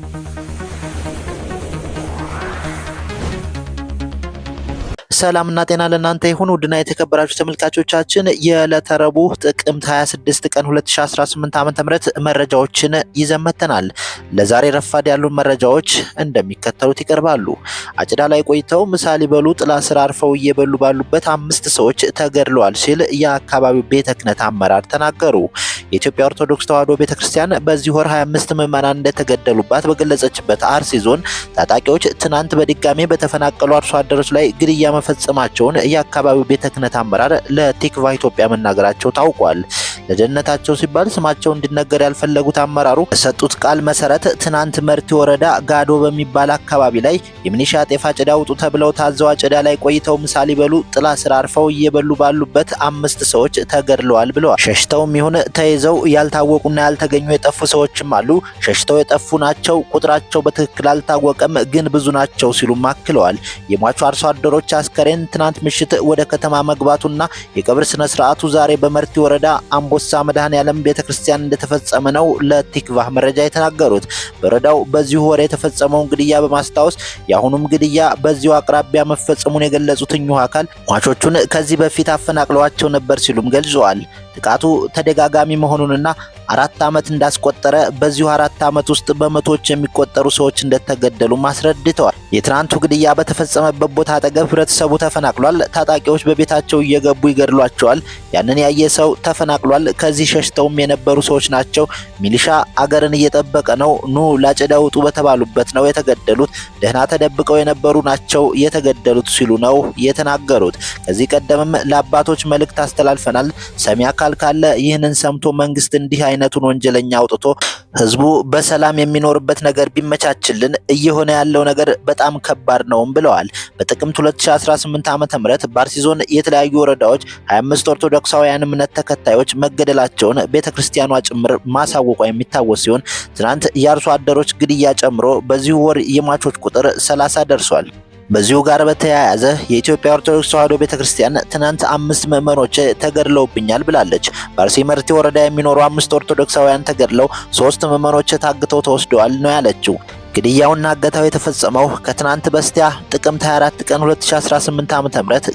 Música ሰላምና ጤና ለእናንተ ይሁን ውድና የተከበራችሁ ተመልካቾቻችን የዕለተ ረቡዕ ጥቅምት 26 ቀን 2018 ም መረጃዎችን ይዘመተናል። ለዛሬ ረፋድ ያሉ መረጃዎች እንደሚከተሉት ይቀርባሉ። አጭዳ ላይ ቆይተው ምሳ ሊበሉ ጥላ ስር አርፈው እየበሉ ባሉበት አምስት ሰዎች ተገድለዋል ሲል የአካባቢው ቤተ ክህነት አመራር ተናገሩ። የኢትዮጵያ ኦርቶዶክስ ተዋሕዶ ቤተክርስቲያን በዚህ ወር 25 ምዕመናን እንደተገደሉባት በገለጸችበት አርሲ ዞን ታጣቂዎች ትናንት በድጋሜ በተፈናቀሉ አርሶ አደሮች ላይ ግድያ መፈጸማቸውን የአካባቢው ቤተ ክህነት አመራር ለቲክቫ ኢትዮጵያ መናገራቸው ታውቋል። ለደህንነታቸው ሲባል ስማቸው እንዲነገር ያልፈለጉት አመራሩ በሰጡት ቃል መሰረት ትናንት መርቲ ወረዳ ጋዶ በሚባል አካባቢ ላይ የሚኒሻ ጤፍ አጨዳ ውጡ ተብለው ታዘው አጨዳ ላይ ቆይተው ምሳ ሊበሉ ጥላ ስር አርፈው እየበሉ ባሉበት አምስት ሰዎች ተገድለዋል ብለዋል። ሸሽተውም ይሁን ተይዘው ያልታወቁና ያልተገኙ የጠፉ ሰዎችም አሉ። ሸሽተው የጠፉ ናቸው፣ ቁጥራቸው በትክክል አልታወቀም፣ ግን ብዙ ናቸው ሲሉም አክለዋል። የሟቹ አርሶ አደሮች አስከሬን ትናንት ምሽት ወደ ከተማ መግባቱና የቀብር ስነ ስርዓቱ ዛሬ በመርቲ ወረዳ አምቦሳ መድኃኔዓለም ቤተክርስቲያን እንደተፈጸመ ነው ለቲክቫህ መረጃ የተናገሩት። በወረዳው በዚሁ ወር የተፈጸመውን ግድያ በማስታወስ የአሁኑም ግድያ በዚሁ አቅራቢያ መፈጸሙን የገለጹት እኚሁ አካል ሟቾቹን ከዚህ በፊት አፈናቅለዋቸው ነበር ሲሉም ገልጸዋል። ጥቃቱ ተደጋጋሚ መሆኑንና አራት ዓመት እንዳስቆጠረ በዚሁ አራት ዓመት ውስጥ በመቶዎች የሚቆጠሩ ሰዎች እንደተገደሉ አስረድተዋል። የትናንቱ ግድያ በተፈጸመበት ቦታ አጠገብ ህብረተሰቡ ተፈናቅሏል። ታጣቂዎች በቤታቸው እየገቡ ይገድሏቸዋል። ያንን ያየ ሰው ተፈናቅሏል። ከዚህ ሸሽተውም የነበሩ ሰዎች ናቸው። ሚሊሻ አገርን እየጠበቀ ነው። ኑ ላጨዳ ውጡ በተባሉበት ነው የተገደሉት። ደህና ተደብቀው የነበሩ ናቸው የተገደሉት ሲሉ ነው የተናገሩት። ከዚህ ቀደምም ለአባቶች መልእክት አስተላልፈናል። ሰሚ አካል ካለ ይህንን ሰምቶ መንግስት እንዲህ አይነቱን ወንጀለኛ አውጥቶ ህዝቡ በሰላም የሚኖርበት ነገር ቢመቻችልን እየሆነ ያለው ነገር በጣም ከባድ ነውም ብለዋል። በጥቅምት 2018 ዓ ም በአርሲ ዞን የተለያዩ ወረዳዎች 25 ኦርቶዶክሳውያን እምነት ተከታዮች መገደላቸውን ቤተ ክርስቲያኗ ጭምር ማሳወቋ የሚታወስ ሲሆን ትናንት የአርሶ አደሮች ግድያ ጨምሮ በዚሁ ወር የሟቾች ቁጥር 30 ደርሷል። በዚሁ ጋር በተያያዘ የኢትዮጵያ ኦርቶዶክስ ተዋሕዶ ቤተክርስቲያን ትናንት አምስት ምዕመኖች ተገድለውብኛል ብላለች። በአርሲ መርቲ ወረዳ የሚኖሩ አምስት ኦርቶዶክሳውያን ተገድለው ሶስት ምዕመኖች ታግተው ተወስደዋል ነው ያለችው። ግድያውና አገታው የተፈጸመው ከትናንት በስቲያ ጥቅምት 24 ቀን 2018 ዓ.ም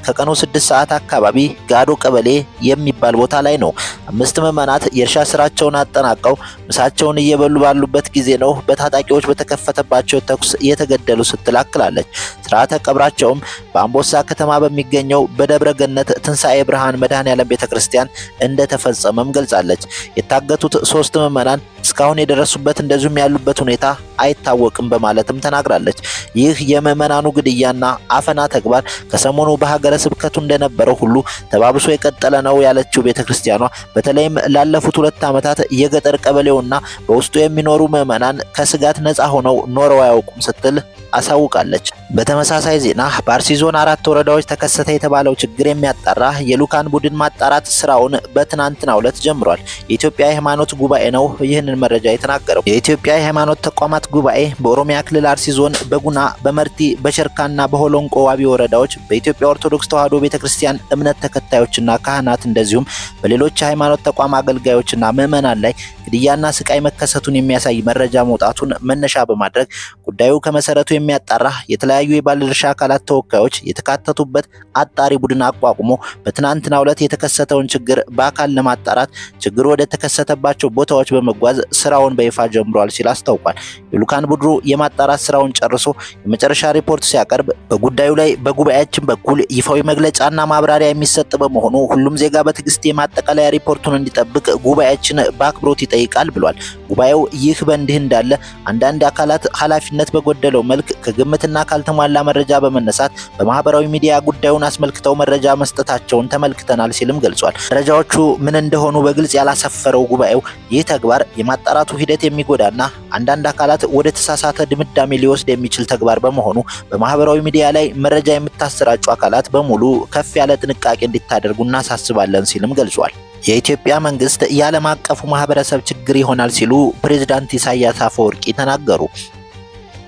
ከቀኑ 6 ሰዓት አካባቢ ጋዶ ቀበሌ የሚባል ቦታ ላይ ነው። አምስት ምዕመናት የእርሻ ስራቸውን አጠናቀው ምሳቸውን እየበሉ ባሉበት ጊዜ ነው በታጣቂዎች በተከፈተባቸው ተኩስ እየተገደሉ ስትል አክላለች። ስርዓተ ቀብራቸውም በአምቦሳ ከተማ በሚገኘው በደብረ ገነት ትንሣኤ ብርሃን መድኃኔዓለም ቤተ ክርስቲያን እንደተፈጸመም ገልጻለች። የታገቱት ሶስት ምዕመናን እስካሁን የደረሱበት እንደዚሁም ያሉበት ሁኔታ አይታወቅም በማለትም ተናግራለች። ይህ የምዕመናኑ ግድያና አፈና ተግባር ከሰሞኑ በሀገረ ስብከቱ እንደነበረው ሁሉ ተባብሶ የቀጠለ ነው ያለችው ቤተ ክርስቲያኗ በተለይም ላለፉት ሁለት ዓመታት የገጠር ቀበሌውና በውስጡ የሚኖሩ ምዕመናን ከስጋት ነፃ ሆነው ኖረው አያውቁም ስትል አሳውቃለች። በተመሳሳይ ዜና በአርሲ ዞን አራት ወረዳዎች ተከሰተ የተባለው ችግር የሚያጣራ የልዑካን ቡድን ማጣራት ስራውን በትናንትናው ዕለት ጀምሯል። የኢትዮጵያ የሃይማኖት ጉባኤ ነው ይህንን መረጃ የተናገረው። የኢትዮጵያ የሃይማኖት ተቋማት ጉባኤ በኦሮሚያ ክልል አርሲ ዞን በጉና በመርቲ በሸርካና በሆሎንቆ ዋቢ ወረዳዎች በኢትዮጵያ ኦርቶዶክስ ተዋሕዶ ቤተክርስቲያን እምነት ተከታዮችና ካህናት እንደዚሁም በሌሎች የሃይማኖት ተቋም አገልጋዮችና ምዕመናን ላይ ግድያና ስቃይ መከሰቱን የሚያሳይ መረጃ መውጣቱን መነሻ በማድረግ ጉዳዩ ከመሰረቱ የሚያጣራ የተለያዩ የተለያዩ የባለድርሻ አካላት ተወካዮች የተካተቱበት አጣሪ ቡድን አቋቁሞ በትናንትናው ዕለት የተከሰተውን ችግር በአካል ለማጣራት ችግሩ ወደ ተከሰተባቸው ቦታዎች በመጓዝ ስራውን በይፋ ጀምሯል ሲል አስታውቋል። የልዑካን ቡድኑ የማጣራት ስራውን ጨርሶ የመጨረሻ ሪፖርት ሲያቀርብ በጉዳዩ ላይ በጉባኤያችን በኩል ይፋዊ መግለጫና ማብራሪያ የሚሰጥ በመሆኑ ሁሉም ዜጋ በትዕግስት የማጠቃለያ ሪፖርቱን እንዲጠብቅ ጉባኤያችን በአክብሮት ይጠይቃል ብሏል። ጉባኤው ይህ በእንዲህ እንዳለ አንዳንድ አካላት ኃላፊነት በጎደለው መልክ ከግምትና ካልተ ከተሟላ መረጃ በመነሳት በማህበራዊ ሚዲያ ጉዳዩን አስመልክተው መረጃ መስጠታቸውን ተመልክተናል ሲልም ገልጿል። መረጃዎቹ ምን እንደሆኑ በግልጽ ያላሰፈረው ጉባኤው ይህ ተግባር የማጣራቱ ሂደት የሚጎዳና አንዳንድ አካላት ወደ ተሳሳተ ድምዳሜ ሊወስድ የሚችል ተግባር በመሆኑ በማህበራዊ ሚዲያ ላይ መረጃ የምታሰራጩ አካላት በሙሉ ከፍ ያለ ጥንቃቄ እንዲታደርጉ እናሳስባለን ሲልም ገልጿል። የኢትዮጵያ መንግስት የዓለም አቀፉ ማህበረሰብ ችግር ይሆናል ሲሉ ፕሬዝዳንት ኢሳያስ አፈወርቂ ተናገሩ።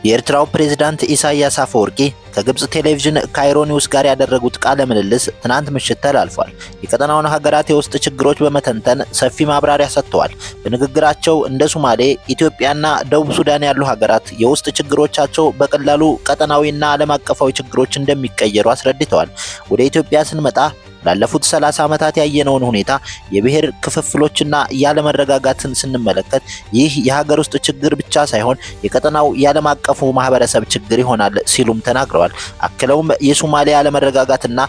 የኤርትራው ፕሬዝዳንት ኢሳያስ አፈወርቂ ከግብጽ ቴሌቪዥን ካይሮ ኒውስ ጋር ያደረጉት ቃለ ምልልስ ትናንት ምሽት ተላልፏል። የቀጠናውን ሀገራት የውስጥ ችግሮች በመተንተን ሰፊ ማብራሪያ ሰጥተዋል። በንግግራቸው እንደ ሱማሌ፣ ኢትዮጵያና ደቡብ ሱዳን ያሉ ሀገራት የውስጥ ችግሮቻቸው በቀላሉ ቀጠናዊና ዓለም አቀፋዊ ችግሮች እንደሚቀየሩ አስረድተዋል። ወደ ኢትዮጵያ ስንመጣ ላለፉት 30 ዓመታት ያየነውን ሁኔታ የብሔር ክፍፍሎችና ያለመረጋጋትን ስንመለከት ይህ የሀገር ውስጥ ችግር ብቻ ሳይሆን የቀጠናው የዓለም አቀፉ ማህበረሰብ ችግር ይሆናል ሲሉም ተናግረዋል። አክለውም የሶማሊያ አለመረጋጋትና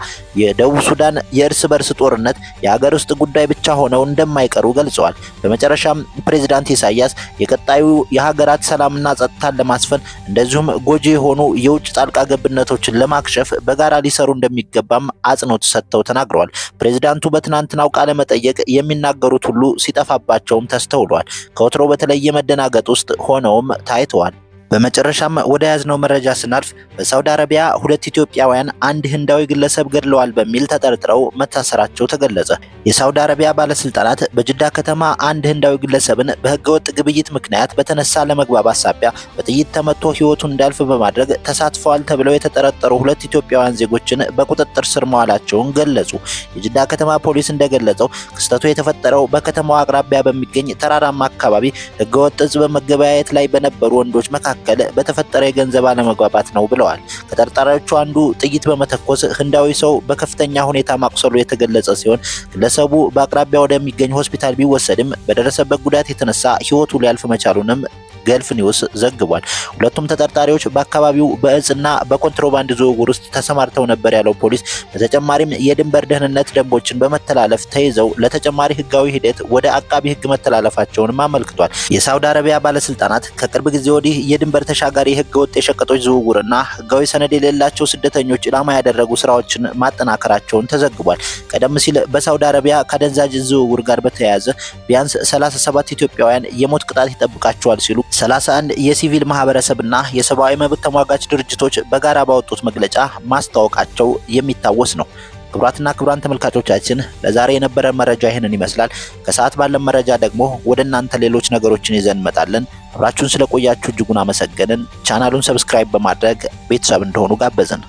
የደቡብ ሱዳን የእርስ በርስ ጦርነት የሀገር ውስጥ ጉዳይ ብቻ ሆነው እንደማይቀሩ ገልጸዋል። በመጨረሻም ፕሬዚዳንት ኢሳያስ የቀጣዩ የሀገራት ሰላምና ጸጥታን ለማስፈን እንደዚሁም ጎጂ የሆኑ የውጭ ጣልቃ ገብነቶችን ለማክሸፍ በጋራ ሊሰሩ እንደሚገባም አጽንኦት ሰጥተው ተናግረዋል። ተናግረዋል። ፕሬዚዳንቱ በትናንትናው ቃለ መጠየቅ የሚናገሩት ሁሉ ሲጠፋባቸውም ተስተውሏል። ከወትሮ በተለየ መደናገጥ ውስጥ ሆነውም ታይተዋል። በመጨረሻም ወደ ያዝነው መረጃ ስናልፍ በሳውዲ አረቢያ ሁለት ኢትዮጵያውያን አንድ ህንዳዊ ግለሰብ ገድለዋል በሚል ተጠርጥረው መታሰራቸው ተገለጸ። የሳውዲ አረቢያ ባለስልጣናት በጅዳ ከተማ አንድ ህንዳዊ ግለሰብን በህገወጥ ግብይት ምክንያት በተነሳ ለመግባባት ሳቢያ በጥይት ተመቶ ህይወቱ እንዳልፍ በማድረግ ተሳትፈዋል ተብለው የተጠረጠሩ ሁለት ኢትዮጵያውያን ዜጎችን በቁጥጥር ስር መዋላቸውን ገለጹ። የጅዳ ከተማ ፖሊስ እንደገለጸው ክስተቱ የተፈጠረው በከተማው አቅራቢያ በሚገኝ ተራራማ አካባቢ ህገወጥ ህዝብ መገበያየት ላይ በነበሩ ወንዶች መካከል መካከል በተፈጠረ የገንዘብ አለመግባባት ነው ብለዋል። ከጠርጣሪዎቹ አንዱ ጥይት በመተኮስ ህንዳዊ ሰው በከፍተኛ ሁኔታ ማቁሰሉ የተገለጸ ሲሆን ግለሰቡ በአቅራቢያ ወደሚገኝ ሆስፒታል ቢወሰድም በደረሰበት ጉዳት የተነሳ ህይወቱ ሊያልፍ መቻሉንም ገልፍ ኒውስ ዘግቧል። ሁለቱም ተጠርጣሪዎች በአካባቢው በእጽና በኮንትሮባንድ ዝውውር ውስጥ ተሰማርተው ነበር ያለው ፖሊስ በተጨማሪም የድንበር ደህንነት ደንቦችን በመተላለፍ ተይዘው ለተጨማሪ ህጋዊ ሂደት ወደ አቃቢ ህግ መተላለፋቸውንም አመልክቷል። የሳውዲ አረቢያ ባለስልጣናት ከቅርብ ጊዜ ወዲህ የድንበር ተሻጋሪ ወጥ የሸቀጦች ዝውውርና ህጋዊ ሰነድ የሌላቸው ስደተኞች ኢላማ ያደረጉ ስራዎችን ማጠናከራቸውን ተዘግቧል። ቀደም ሲል በሳውዲ አረቢያ ከአደንዛዥ ዝውውር ጋር በተያያዘ ቢያንስ 37 ኢትዮጵያውያን የሞት ቅጣት ይጠብቃቸዋል ሲሉ 31 የሲቪል ማህበረሰብና የሰብአዊ መብት ተሟጋች ድርጅቶች በጋራ ባወጡት መግለጫ ማስታወቃቸው የሚታወስ ነው። ክቡራትና ክቡራን ተመልካቾቻችን ለዛሬ የነበረ መረጃ ይህንን ይመስላል። ከሰዓት ባለን መረጃ ደግሞ ወደ እናንተ ሌሎች ነገሮችን ይዘን እንመጣለን። አብራችሁን ስለቆያችሁ እጅጉን አመሰገንን። ቻናሉን ሰብስክራይብ በማድረግ ቤተሰብ እንደሆኑ ጋበዝን።